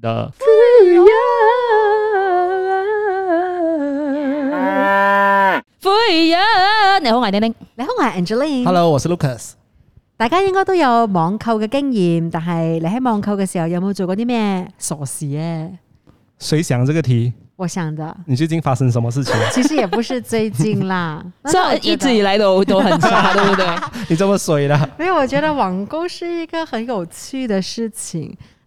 的。歡迎，歡迎。你好，我係 Angeline。你好，我是 Lucas。大家應該都有網購嘅經驗，但係你喺網購嘅時候有冇做過啲咩傻事咧？誰想這個題？我想的。你最近發生什麼事情其實也不是最近啦，一直以來都都很差，對不對？你這麼水的。因為我覺得網購是一個很有趣的事情。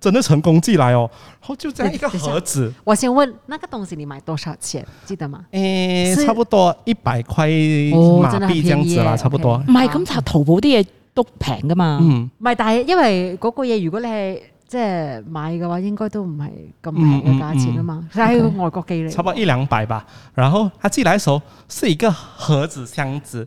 真的成功寄來哦，然後就這樣一個盒子。我想問，那個東西你買多少錢，記得嗎？誒、欸，是差不多一百塊馬幣這樣，哦、子啦，okay 差不多。唔係，啊，咁查淘寶啲嘢都平噶嘛。嗯，唔係，但係因為嗰個嘢如果你係即係買嘅話，應該都唔係咁平嘅價錢啊嘛。喺外國寄嚟，差唔多一兩百吧。然後佢寄嚟嘅時候是一個盒子箱子。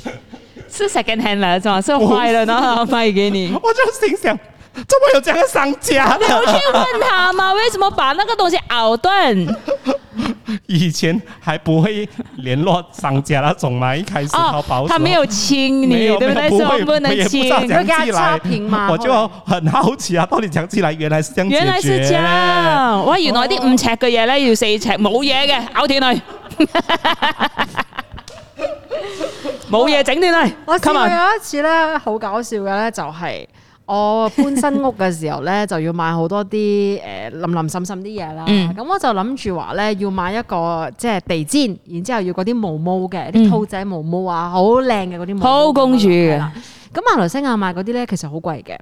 是 second hand 來，是吧？是壞了，然後賣給你。我就心想，怎麼有這樣的商家，你有去問他嗎？為什麼把那個東西咬斷？以前還不會聯絡商家那種嘛，一開始好保守，他沒有親，沒有，沒有不會，不能親。他加差評嘛？我就很好奇啊，到底講起來原來是這樣，原來是這樣。我原來啲五尺嘅嘢咧，要四尺冇嘢嘅，咬天內。冇嘢整亂啦！我試過有一次咧，好搞笑嘅咧，就係我搬新屋嘅時候咧，就要買好多啲誒，林林滲滲啲嘢啦。咁我就諗住話咧，要買一個即係地氈，然之後要嗰啲毛毛嘅，啲兔仔毛毛啊，好靚嘅嗰啲毛。好公主嘅。咁馬來西亞賣嗰啲咧，其實好貴嘅。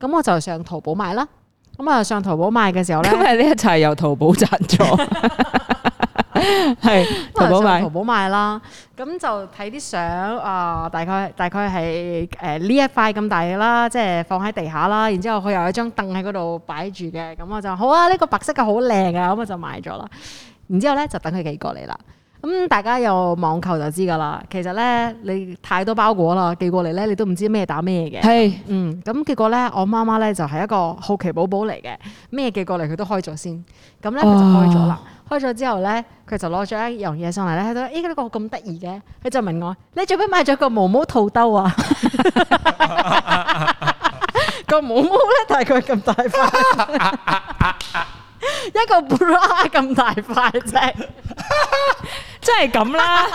咁我就上淘寶買啦。咁啊，上淘寶買嘅時候咧，今日呢一切由淘寶贊助。係 淘寶買，淘寶買啦。咁就睇啲相啊，大概大概係誒呢一塊咁大嘅啦，即係放喺地下啦。然之後佢又有張凳喺嗰度擺住嘅，咁我就好啊，呢個白色嘅好靚啊，咁我就買咗啦。然之後咧就等佢寄過嚟啦。咁大家有網購就知噶啦。其實咧你太多包裹啦，寄過嚟咧你都唔知咩打咩嘅。係，嗯，咁結果咧，我媽媽咧就係一個好奇寶寶嚟嘅，咩寄過嚟佢都開咗先。咁咧佢就開咗啦。哦開咗之後咧，佢就攞咗一樣嘢上嚟咧，喺度，咦，呢個咁得意嘅。佢就問我：你做咩買咗個毛毛肚兜啊？個毛毛咧，大概咁大塊，一個 bra 咁大塊啫。真係咁啦，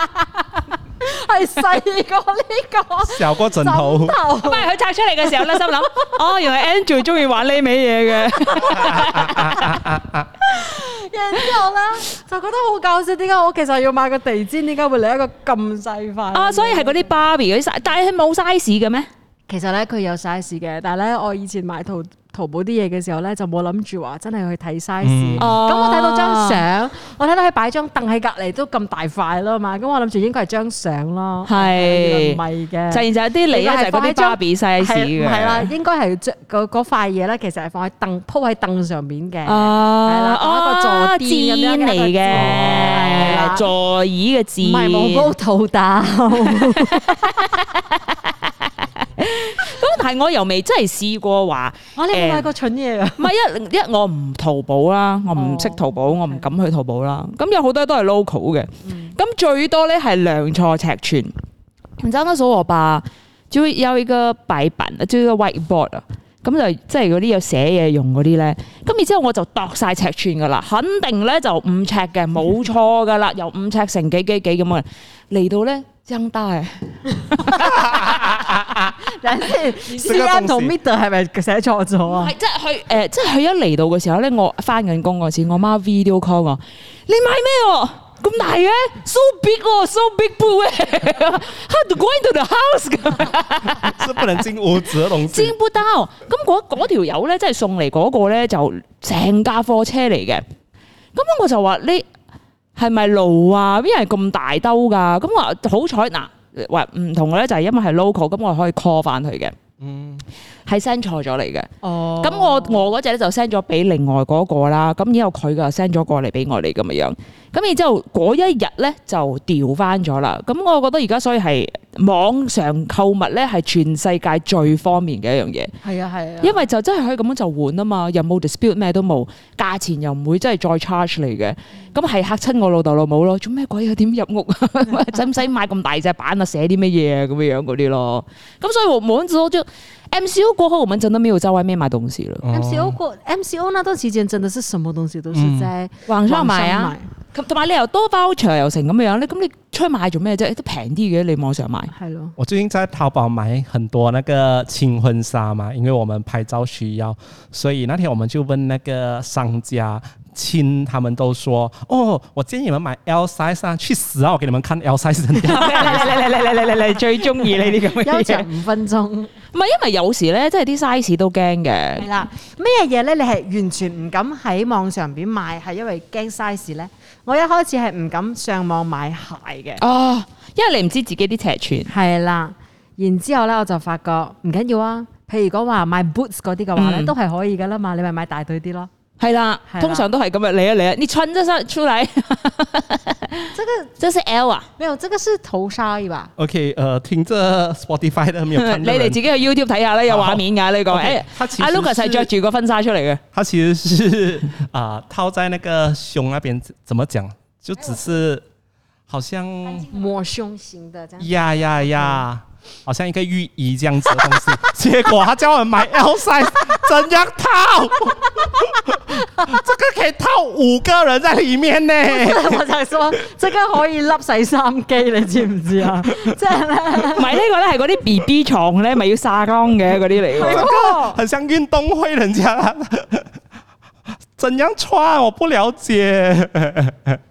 係細 個呢個手骨枕頭，但係佢拆出嚟嘅時候咧，心諗 哦，原來 Andrew 中意玩呢味嘢嘅。然之後咧就覺得好搞笑，點解我其實要買個地氈，點解會嚟一個咁細塊啊？所以係嗰啲 Barbie 啲，但係佢冇 size 嘅咩？其實咧佢有 size 嘅，但係咧我以前買套。淘寶啲嘢嘅時候咧，就冇諗住話真係去睇 size。咁我睇到張相，我睇到佢擺張凳喺隔離都咁大塊咯嘛。咁我諗住應該係張相咯，係唔係嘅？就然就有啲脷，就係嗰啲芭比 size 嘅。係啦，應該係張嗰塊嘢咧，其實係放喺凳，鋪喺凳上面嘅。哦，係啦，一個坐墊咁樣嚟嘅，座椅嘅字，唔係冇高度打。係我又未真係試過話、啊啊，我你買過蠢嘢啊！唔係一一我唔淘寶啦，我唔識淘寶，我唔敢去淘寶啦。咁有好多都係 local 嘅。咁、嗯、最多咧係量錯尺寸。唔之後嗰時我爸就會有一個擺品，有一個 board，就叫 whiteboard 啊。咁就即係嗰啲有寫嘢用嗰啲咧。咁然之後我就度晒尺寸噶啦，肯定咧就五尺嘅，冇錯噶啦，由五尺成幾幾幾咁啊嚟到咧。正大，但係，staff 同 midder 係咪寫錯咗啊？係即係佢，誒，即係佢一嚟到嘅時候咧，我翻緊工嗰時，我媽 video call 我，你買咩？咁大嘅，so big，so big boot，how to go into the house？不能蒸屋子，蒸不到。咁嗰嗰條友咧，即係送嚟嗰個咧，就成架貨車嚟嘅。咁我就話你。係咪路啊？邊係咁大兜㗎，啊？咁我好彩嗱，話、呃、唔同嘅咧就係、是、因為係 local，咁我可以 call 翻佢嘅。嗯，係 send 錯咗嚟嘅。哦，咁我我嗰隻咧就 send 咗俾另外嗰、那個啦。咁然後佢嘅 send 咗過嚟俾我哋咁嘅樣。咁然之後嗰一日咧就掉翻咗啦。咁我覺得而家所以係網上購物咧係全世界最方便嘅一樣嘢。係啊係啊。啊，因為就真係可以咁樣就換啊、嗯、嘛，又冇 dispute 咩都冇，價錢又唔會真係再 charge 嚟嘅。咁係嚇親我老豆老母咯。做咩鬼啊？點入屋啊？使唔使買咁大隻板啊？寫啲乜嘢啊？咁樣樣嗰啲咯。咁所以我滿咗張 MCO 過後，我冇乜都冇周圍咩買東西啦。MCO 過 MCO 那段期間，真的是什麼東西都是啫，網、嗯、上買啊。同埋你又多包長、er、又成咁樣，你咁你出去買做咩啫？都平啲嘅，你網上買。係咯，我最近在淘寶買很多那個親婚紗嘛，因為我們拍照需要，所以那天我們就問那個商家親，他們都說：哦，我建議你們買 L size 啊，去死啊！我給你們看 L size，真嘅。嚟嚟嚟嚟嚟嚟嚟最中意呢啲咁嘅嘢。休息五分鐘。唔係，因為有時咧，即係啲 size 都驚嘅。係啦，咩嘢咧？你係完全唔敢喺網上邊買，係因為驚 size 咧？我一開始係唔敢上網買鞋嘅，哦，因為你唔知道自己啲尺寸。係啦，然之後咧我就發覺唔緊要啊，譬如講話買 boots 嗰啲嘅話咧，嗯、都係可以嘅啦嘛，你咪買大對啲咯。係啦，啦通常都係咁樣嚟一嚟啊！你穿着身出來，這個這是 L 啊，沒有，這個是頭紗而已吧？OK，誒、呃，聽咗 Spotify 的沒有看到， 你哋自己去 YouTube 睇下啦，有畫面噶、啊、呢好、這個。誒，阿 Lucas 係着住個婚紗出嚟嘅，他其實是啊是實是、呃、套在那個胸那邊，怎怎麼講？就只是、哎、呦好像抹胸型的，這樣。呀呀呀！好像一個浴衣這樣子的東西， 結果他叫我買 L size， 怎樣套？ 這個可以套五個人在裏面呢。我在說這個可以笠晒三 G，你知唔知啊？即係買呢個咧係啲 B B 床咧，咪要晒光嘅啲嚟嘅。 很像運動會，人家怎樣穿，我不了解。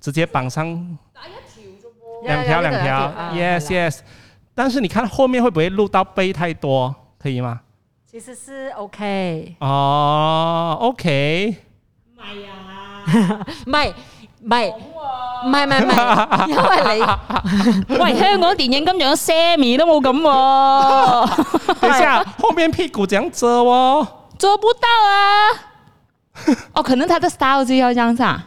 直接綁上，兩條兩條兩條兩條，yes yes，但是你看後面會不會露到背太多，可以嗎？其實是 OK。哦、uh,，OK。唔係啊，唔係唔係唔係，因為你，喂香港電影咁樣 Sammy 都冇咁喎，等下 後面屁股想遮喎，遮不到啊，哦、 oh, 可能他的 style 就要咁咋、啊。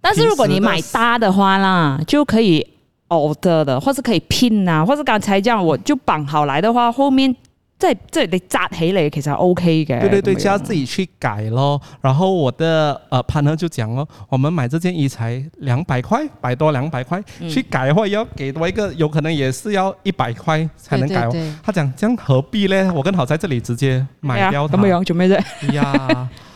但是如果你買大的話啦，就可以 order 的，或是可以 pin 呐、啊，或是剛才這樣我就綁好來的話，後面再即係紮起嚟，其實 OK 嘅。對對對，就要自己去改咯。然後我的呃 partner 就講咯，我們買這件衣才兩百塊，百多兩百塊、嗯、去改，的話要給多一個，有可能也是要一百塊才能改。對對對，他講這樣何必咧，我剛好在這裡直接買掉的，咁咪樣就咩呀。Yeah.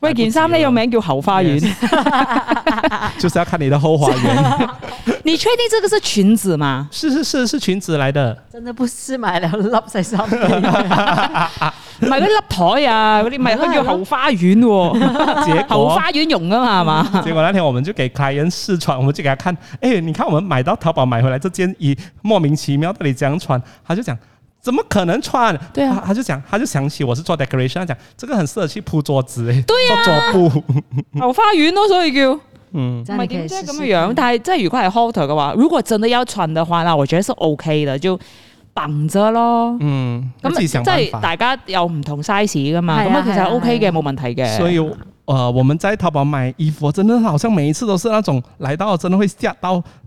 喂，件衫呢個名叫後花園，就是要看你的後花園。 你確定這個是裙子嗎？ 是是是是裙子來的，真的不是買了笠在上面， 買嗰啲笠台啊，嗰啲咪叫後花園？ 結果後花園用啊嘛嘛、嗯。結果那天我們就給凱恩試穿，我們就給他看，哎、欸，你看我們買到淘寶買回來這件衣，莫名其妙到底怎樣穿，他就講。怎麼可能穿？對啊，啊，他就講，他就想起我是做 decoration，他講，這個很適合去鋪桌子誒，對啊，做桌布。我發暈咯，所以佢，唔係點即係咁樣試試樣。但係，如果係 halter 嘅話，如果真的要穿嘅話，那我覺得是 OK 嘅，就綁着咯。嗯，咁麼即係大家有唔同 size 噶嘛，咁啊其實 OK 嘅，冇、啊、問題嘅。所以，誒、呃，我們在淘寶買衣服，真的好像每一次都是那種來到，真的會嚇到。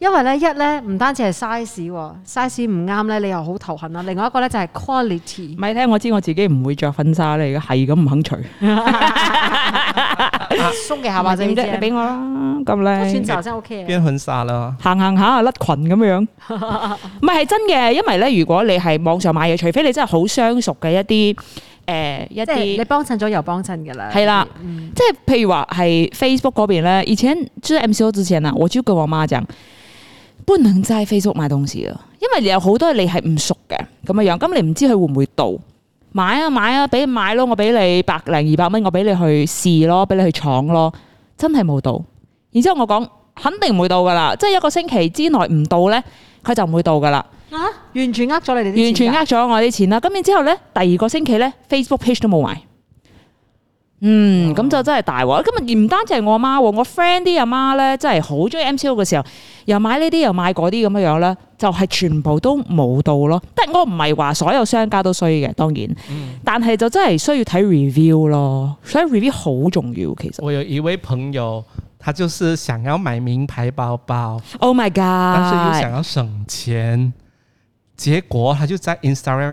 因為咧，一咧唔單止係 size，size 唔啱咧，你又好頭痕啦。另外一個咧就係 quality。唔咪聽我知，我自己唔會着婚紗嚟嘅，係咁唔肯除。縮嘅 下巴仔唔知你俾我啦，咁靚。選擇真 OK。變婚紗咯，行行下甩裙咁樣。唔係係真嘅，因為咧，如果你係網上買嘢，除非你真係好相熟嘅一啲，誒一啲，你幫襯咗又幫襯嘅啦。係啦、嗯，即係譬如話係 Facebook 嗰邊咧，以前做 MCO 之前啊，我招跟我媽講。不能齋 Facebook 買東西啊，因為有好多嘢你係唔熟嘅，咁嘅樣，咁你唔知佢會唔會到？買啊買啊，俾買咯，我俾你百零二百蚊，我俾你去試咯，俾你去闖咯，真係冇到。然之後我講肯定唔會到噶啦，即係一個星期之內唔到呢，佢就唔會到噶啦。吓、啊，完全呃咗你哋，完全呃咗我啲錢啦。咁然之後呢，第二個星期呢 Facebook page 都冇埋。嗯，咁、嗯、就真係大鑊！今日唔單止係我媽喎，我 friend 啲阿媽咧，真係好中意 MCO 嘅時候，又買呢啲又買嗰啲咁樣樣咧，就係、是、全部都冇到咯。但我唔係話所有商家都需要嘅，當然。但係就真係需要睇 review 咯，所以 review 好重要。其實我有一位朋友，他就是想要買名牌包包，Oh my god！但是又想要省錢，結果他就在 Instagram，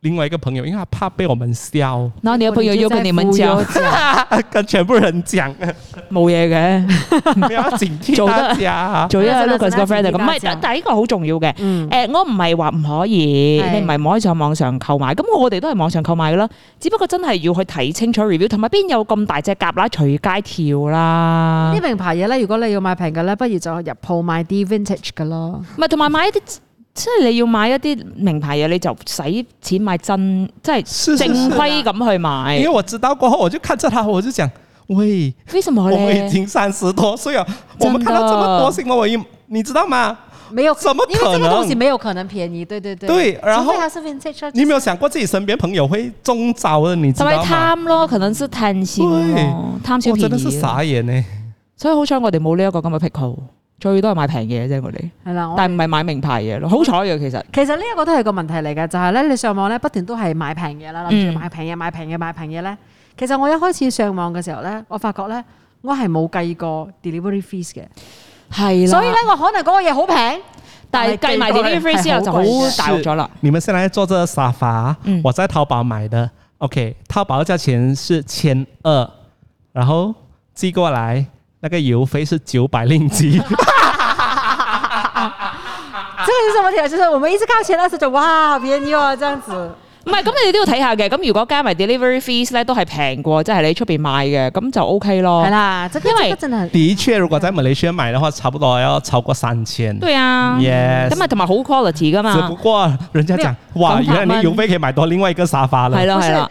另外一個朋友，因為他怕被我們笑，然後你個朋友要跟你們講，跟全部人講，冇嘢嘅，唔要緊，做一下 friend 咁，唔係，但但呢個好重要嘅，誒，我唔係話唔可以，你唔係唔可以上網上購買，咁我哋都係網上購買噶啦，只不過真係要去睇清楚 review，同埋邊有咁大隻蛤乸隨街跳啦，呢名牌嘢咧，如果你要買平嘅咧，不如就入鋪買啲 vintage 噶咯，唔係，同埋買一啲。即係你要買一啲名牌嘢，你就使錢買真，即係正規咁去買，是是是。因為我知道過後，我就看着他，我就講：喂，為什麼？我已經三十多歲啊，的我們看到這麼多為，為什麼我一你知道嗎？沒有，怎麼可能，因為這個東西沒有可能便宜，對對對，對，對。然後，然後你沒有想過自己身邊朋友會中招嘅，你知道嗎？貪咯，可能是貪心咯，貪對便宜。我真的是傻眼咧。所以好彩我哋冇呢一個咁嘅癖好。最多係買平嘢啫，我哋係啦，但係唔係買名牌嘢咯。好彩嘅其實，其實呢一個都係個問題嚟嘅，就係、是、咧你上網咧不斷都係買平嘢啦，諗住買平嘢、嗯、買平嘢、買平嘢咧。其實我一開始上網嘅時候咧，我發覺咧我係冇計過 delivery fees 嘅，係啦的，所以咧我可能嗰個嘢好平，是的但係計埋 delivery fees 之後就好大咗啦。你們先來坐這個沙發，嗯、我在淘寶買的，OK，淘寶價錢是千二，然後寄過來。那個油費是九百零幾，這個是什麼啊？就是我們一直靠錢，二十九，哇，好便宜哦，這樣子。唔係，咁、嗯、你哋都要睇下嘅。咁如果加埋 delivery fees 咧，都係平過，即、就、係、是、你出邊買嘅，咁、嗯、就 OK 咯。係啦，這個、因為的 h 如果在馬來西亞買嘅話，差不多要超過三千。對啊 y 咁啊，同埋好 quality 噶嘛。嗯嗯嗯、只不過，人家講，有哇，原來你油費可以買到另外一個沙發啦。係咯、啊，係啦、啊。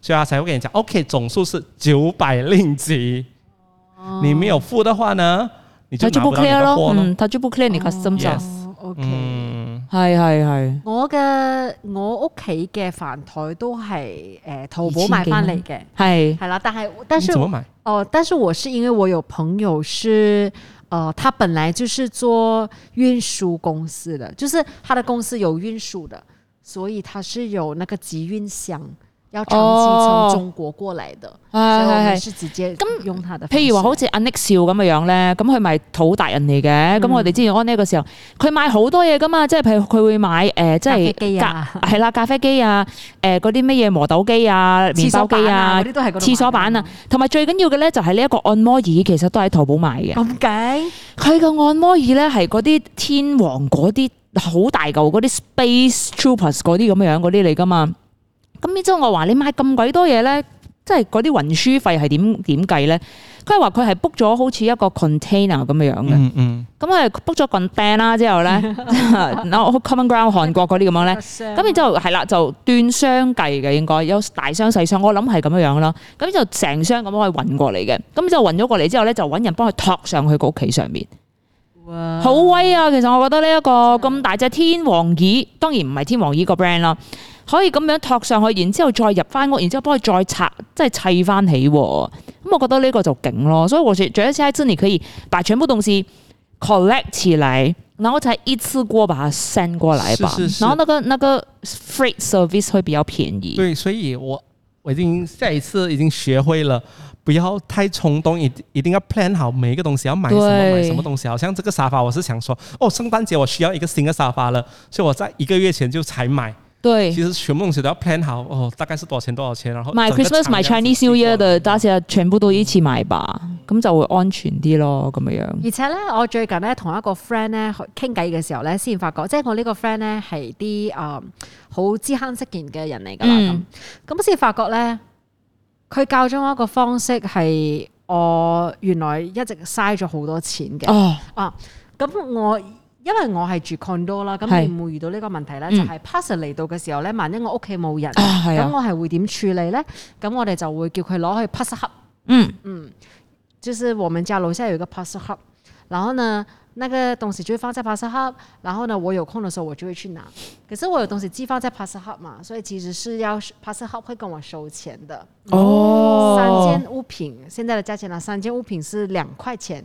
所以佢、啊、才會跟你講，OK，總數是九百令吉。哦、你沒有付的話呢，他就，就不 clear 咯。嗯，他就不 clear 你 c u s t、哦哦、OK，m、okay、s o 係係係。我嘅我屋企嘅飯台都係誒淘寶買翻嚟嘅。係是，係啦，但係，但是，哦、呃，但是我是因為我有朋友是，哦、呃，他本來就是做運輸公司的，就是他的公司有運輸的，所以他是有那個集運箱。要長期從中國過來嘅，係係係，哎、直接咁用的、嗯、他的，、嗯他的。譬如話好似 Annie 笑咁嘅樣咧，咁佢咪土達人嚟嘅。咁我哋之前安呢個時候，佢買好多嘢噶嘛，即係譬如佢會買誒，即係咖啡機啊，係啦，咖啡機啊，誒、啊，嗰啲乜嘢磨豆機啊，麵包機啊，啲都係廁所板啊。同埋、啊啊、最緊要嘅咧，就係呢一個按摩椅，其實都喺淘寶買嘅。咁計？佢個按摩椅咧係嗰啲天王嗰啲好大嚿嗰啲 Space Troopers 嗰啲咁樣嗰啲嚟噶嘛？咁然之後，我話你買咁鬼多嘢咧，即係嗰啲運輸費係點點計咧？佢係話佢係 book 咗好似一個 container 咁樣樣嘅，咁佢 book 咗個 bank 啦，之後咧，嗱、 no、common ground 韓國嗰啲咁樣咧，咁 然之後係啦，就斷箱計嘅，應該有大箱細箱，我諗係咁樣樣咯。咁就成箱咁可以運過嚟嘅，咁就運咗過嚟之後咧，就揾人幫佢托上去個屋企上面。好哇威啊！其實我覺得呢一個咁大隻天王椅，當然唔係天王椅個 brand 啦。可以咁樣託上去，然之後再入翻屋，然之後幫佢再拆，即係砌翻起喎。咁我覺得呢個就勁咯。所以我覺得，現在你可以把全部東西 collect 起來，然後才一次過把它 send 過來吧。是是是，然後那個那個 freight service 會比較便宜。對，所以我我已經下一次已經學會了，不要太衝動，一一定要 plan 好每一個東西要買什麼對買什麼東西。好像這個沙發，我是想說，哦，聖誕節我需要一個新的沙發了，所以我在一個月前就才買。對，其實全部東西都要 plan 好哦，大概是多少錢，多少錢，然後買 Christmas、my Chinese New Year 的，大家全部都一次買吧，咁、嗯、就會安全啲咯，咁樣樣。而且咧，我最近咧同一個 friend 咧傾偈嘅時候咧，先發覺，即係、嗯、我呢個 friend 咧係啲誒好知慳識儉嘅人嚟噶啦，咁咁先發覺咧，佢教咗我一個方式係，我原來一直嘥咗好多錢嘅，哦、啊，咁我。因為我係住 condo 啦，咁你會遇到呢個問題咧，嗯、就係 parcel 嚟到嘅時候咧，萬一我屋企冇人，咁、啊啊、我係會點處理咧？咁我哋就會叫佢攞去 parcel、嗯、hub 嗯嗯，就是我們家樓下有一個 parcel hub，然後呢，那個東西就會放在 parcel hub，然後呢，我有空嘅時候我就會去拿。可是我有東西寄放在 parcel hub 嘛，所以其實是要 parcel hub 會跟我收錢的。嗯、哦，三件物品，現在嘅價錢啦、啊，三件物品是兩塊錢。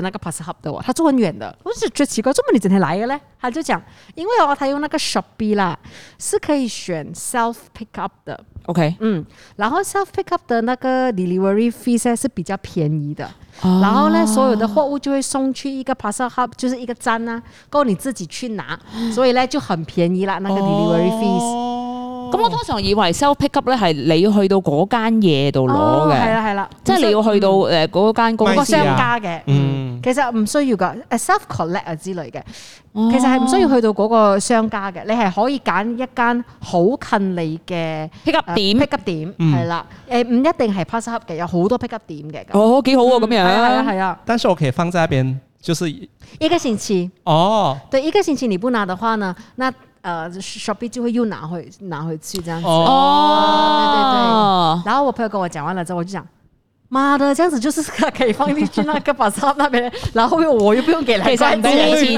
那個 parcel hub 嘅我，他住很遠的，我就覺得奇怪，做乜你整天嚟嘅呢？他就講，因為哦，他用那個 Shopee 啦，是可以選 self pick up 的，OK，嗯，然後 self pick up 的那個 delivery fee 咧是比較便宜的，oh. 然後呢，所有的貨物就會送去一個 parcel hub 就是一個站啦，夠你自己去拿，所以呢，就很便宜啦，那個 delivery fee。咁、oh. 我通常以為 self pick up 呢係你要去到嗰間嘢度攞嘅，係啦係啦，即係以你要去到誒嗰間嗰個商家嘅，No. 嗯。其實唔需要噶，誒 self collect 啊之類嘅，其實係唔需要去到嗰個商家嘅，你係可以揀一間好近你嘅 Pickup 點 Pickup 點，係啦、呃，誒唔、嗯、一定係 pass up 嘅，有好多 Pickup 點嘅。哦，幾好喎、啊，咁、嗯、樣啊，係啊。但是我其實放在一邊，就是一個星期。哦，對，一個星期你不拿的話呢？那誒 shopping 就會又拿去，拿回去，這樣子。哦，哦對對對。然後我朋友跟我講完咗之後，就我就講媽的，這樣子就是可以放進去，那個把沙那邊，然後我又不用給兩塊錢，對，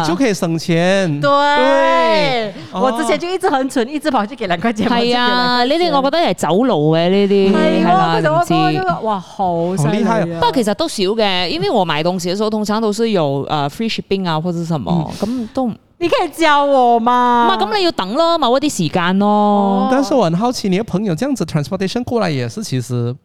你就可以省錢。對，我之前就一直很蠢，一直跑去給兩塊錢。係啊，呢啲我覺得係走路的呢啲，係咯，唔知。哇，好，厲害。不過其實都少的，因為我買東西的時候通常都是有誒 free shipping 啊或者什麼，都。你可以教我嘛？唔係，那你要等咯，某啲時間咯。但是我很好奇，你的朋友這樣子 transportation 過來也是，其實。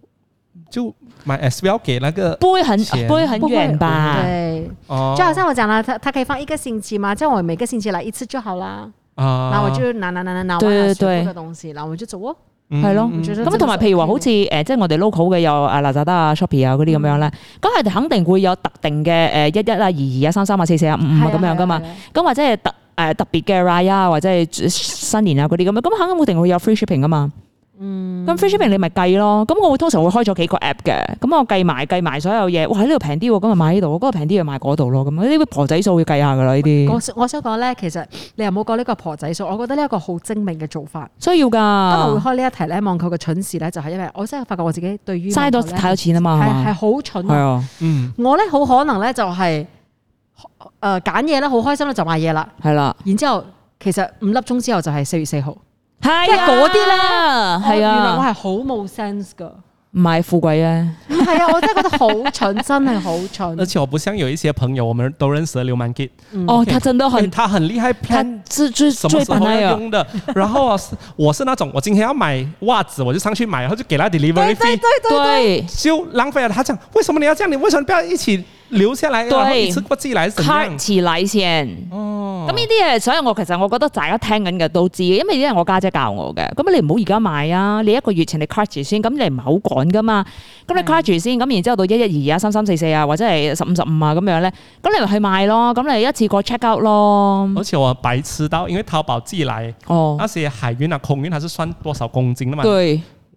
就買 S 標給那個，不會很遠，不會很遠吧？對，哦，就好像我講啦，他他可以放一個星期嘛，叫我每個星期來一次就好啦。啊，那我就拿拿拿拿拿完所有嘅東西，然後我就走喎。係咯，咁同埋譬如話，好似誒，即係我哋 local 嘅有啊 Lazada 啊 Shopee 啊嗰啲咁樣咧，咁佢哋肯定會有特定嘅誒一一啊、二二啊、三三啊、四四啊、五五啊咁樣噶嘛。咁或者係特誒特別嘅 Raya，或者係新年啊嗰啲咁樣，咁肯定會一定會有 free shipping 噶嘛。嗯，咁 Facebook 你咪計咯，咁我會通常會開咗幾個 app 嘅，咁我計埋計埋所有嘢，哇喺呢度平啲，咁咪買呢度，我覺得平啲就買嗰度咯，咁呢啲婆仔數要計下噶啦呢啲。我我想講咧，其實你又冇講過呢個婆仔數？我覺得呢一個好精明嘅做法，需要噶。今日會開呢一題咧，網購嘅蠢事咧，就係因為我真係發覺我自己對於嘥咗太多錢啊嘛，係係好蠢，啊嗯、我咧好可能咧就係誒揀嘢咧好開心咧就買嘢啦，係啦的，然之後其實五粒鐘之後就係四月四號。係呀嗰啲啦，係啊，啊啊哦、啊我係好冇 sense 噶，唔係富貴啊，係啊，我真係覺得好蠢，真係好蠢。而且我唔像有一些朋友，我們都認識了劉曼杰。嗯、okay, 哦，他真的很，他很厲害，他是最最耐用的。的，然後我，我是那種，我今天要買襪子，我就上去買，然後就給他 delivery 費，對對對，對，對，對，就浪費了，他講，為什麼你要這樣？你為什麼不要一起？留下嚟、啊，你出不知嚟先，卡住嚟先。哦，咁呢啲嘢，所以我其實我覺得大家聽緊嘅都知，因為啲係我家姐，姐教我嘅。咁你唔好而家買啊，你一個月前你卡住先，咁你唔係好趕噶嘛。咁你卡住先，咁然之後到一一二二啊，三三四四啊，或者係十五十五啊咁樣咧，咁你咪去買咯。咁你一次過 check out 咯。而且我白痴到，因為淘寶寄嚟，哦，那些海運啊、空運，它是算多少公斤嘅嘛？對。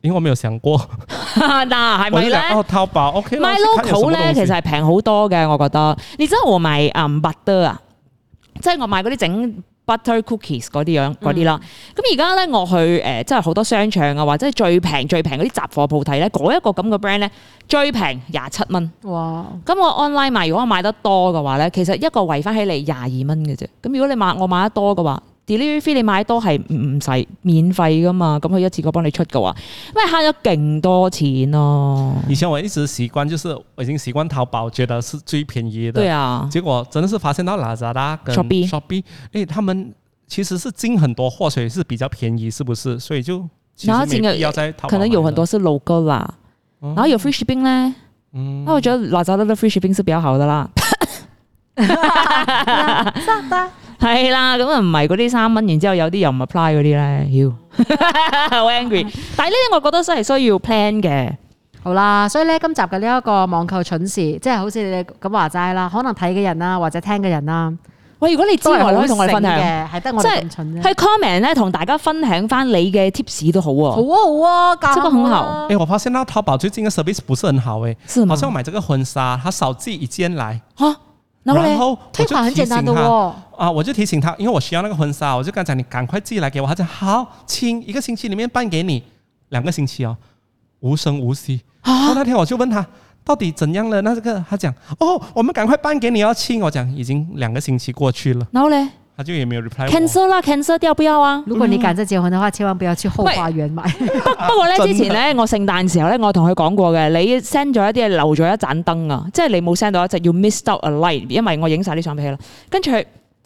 因為我未有上過，嗱，係咪咧？哦，淘寶、啊、OK My local 咧，其實係平好多嘅，我覺得。你真道我買啊 b 得啊，即係我買嗰啲整 butter cookies 嗰啲樣嗰啲啦。咁而家咧，我去誒，即係好多商場啊，或者最平最平嗰啲雜貨鋪睇咧，嗰一個咁嘅 brand 咧，最平廿七蚊。哇！咁我 online 買，如果我買得多嘅話咧，其實一個維翻起嚟廿二蚊嘅啫。咁如果你買我買得多嘅話，delivery fee 你買多係唔使免費噶嘛，咁佢一次過幫你出嘅話，因為咪慳咗勁多錢咯、啊。以前我一直習慣，就是我已經習慣淘寶，覺得是最便宜的。對啊，結果真的是發現到 Lazada 跟 Shopee，誒 Shopee? 欸，他們其實是進很多貨水，是比較便宜，是不是？所以就然後可能有很多是 logo 啦，嗯、然後有 free shipping 咧，嗯，那、啊、我覺得 Lazada 嘅 free shipping 是比較好的啦。 係啦，咁啊唔係嗰啲三蚊，然之後有啲又唔 apply 嗰啲咧，妖 好 angry！ 但係咧，我覺得真係需要 plan 嘅。好啦，所以咧今集嘅呢一個網購蠢事，即係好似你哋咁話齋啦，可能睇嘅人啦，或者聽嘅人啦。喂，如果你知都係冇同我，我分享嘅，係得的以我哋咁蠢啫，去 comment 咧，同大家分享翻你嘅 tips 都好啊，好啊。好啊，好啊，真係好好。誒、欸，我發現啦、啊，淘寶最近嘅 service 不是很好嘅、啊，嗎好似我買這個婚紗，佢少寄一件來。好、啊、然後咧，退換很簡單的喎、啊。啊！我就提醒他，因為我需要那個婚紗，我就跟他講，你趕快寄來給我。佢講：好，親，一個星期裏面辦給你，兩個星期哦，無聲無息。啊，啊！那天我就問他到底怎樣了？那這個，佢講：哦，我們趕快辦給你，哦，親。我講已經兩個星期過去了。然後呢，他就也沒有 reply 我。cancel 啦，cancel 掉不要啊！如果你趕住結婚的話，千萬不要去後花園買。不不過呢，之前呢，我聖誕時候呢，我同佢講過嘅，你 send 咗一啲，留咗一盞燈啊，即係你冇 send 到一隻，要 miss out a light，因為我影晒啲相俾佢啦，跟住。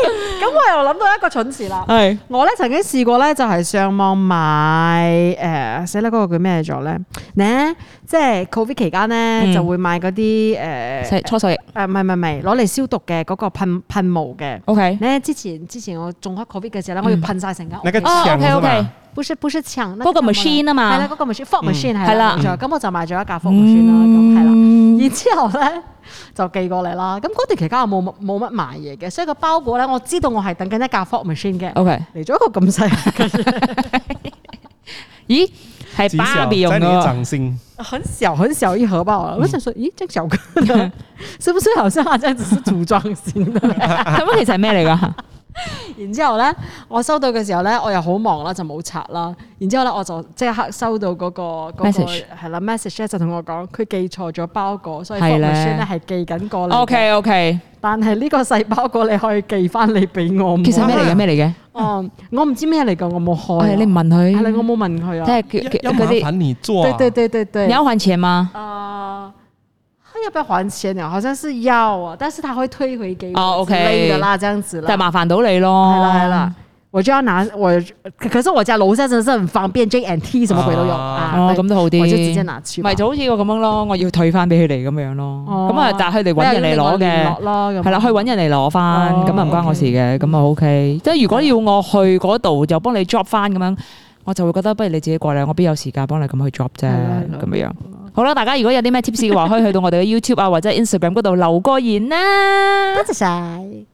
咁 我又諗到一個蠢事啦，係是我咧曾經試過咧，就係、是、上網買誒，寫、呃、嗰個叫咩咗咧？咧即係 covid 期間咧，嗯、就會買嗰啲誒搓水，誒唔係唔係唔係，攞嚟消毒嘅嗰個噴噴霧嘅。O K 咧之前之前我仲開 covid 嘅時候咧，嗯、我要噴晒成間屋㗎嘛。Okay, okay 不是不是搶嗰個 machine 啊嘛，係啦，嗰、那個 machine，fort machine 係冇錯，咁我就買咗一架 fort machine 啦，咁係、嗯、啦，然之後咧就寄過嚟啦。咁嗰段期間我冇冇乜買嘢嘅，所以個包裹咧我知道我係等緊一架 fort machine 嘅。OK，嚟咗個咁細， 是 咦係芭比有冇？很小很小一盒包啊！我想說，咦、嗯，張小哥，是不是好像啊？這只是組裝先？咁 其實係咩嚟㗎？ 然之後咧，我收到嘅時候咧，我又好忙啦，就冇拆啦。然之後咧，我就即刻收到嗰、嗰個 message 係啦、嗰個、message 就同我講，佢寄錯咗包裹，的所以發律師呢係寄緊過嚟。O K O K，但係呢個細包裹你可以寄翻嚟俾我。其實咩嚟嘅咩嚟嘅？哦、啊嗯，我唔知咩嚟嘅，我冇開、啊哎。你問佢，我冇問佢啊。即係佢佢哋。有你做、啊？對對對，對，對，對，對你要還錢嗎？呃要不要還錢啊，好像是要啊，但是他會退回給我之類的啦，這樣子啦。但係麻煩到你咯。係啦，係啦，我就要拿我，可是我在樓上真真唔方便。J and T 什麼鬼都用啊，哦，咁都好啲。我就直接拿錢，咪就好似我咁樣咯，我要退翻俾佢哋咁樣咯。哦，咁啊，就佢哋搵人嚟攞嘅，攞咯，係啦，去搵人嚟攞翻，咁啊唔關我事嘅，咁啊 OK。即係如果要我去嗰度就幫你 drop 翻咁樣，我就會覺得不如你自己過嚟，我邊有時間幫你咁去 drop 啫，咁樣。好啦，大家如果有啲咩 tips 嘅話，可以去到我哋嘅 YouTube 啊，或者 Instagram 嗰度留個言啦。多謝晒。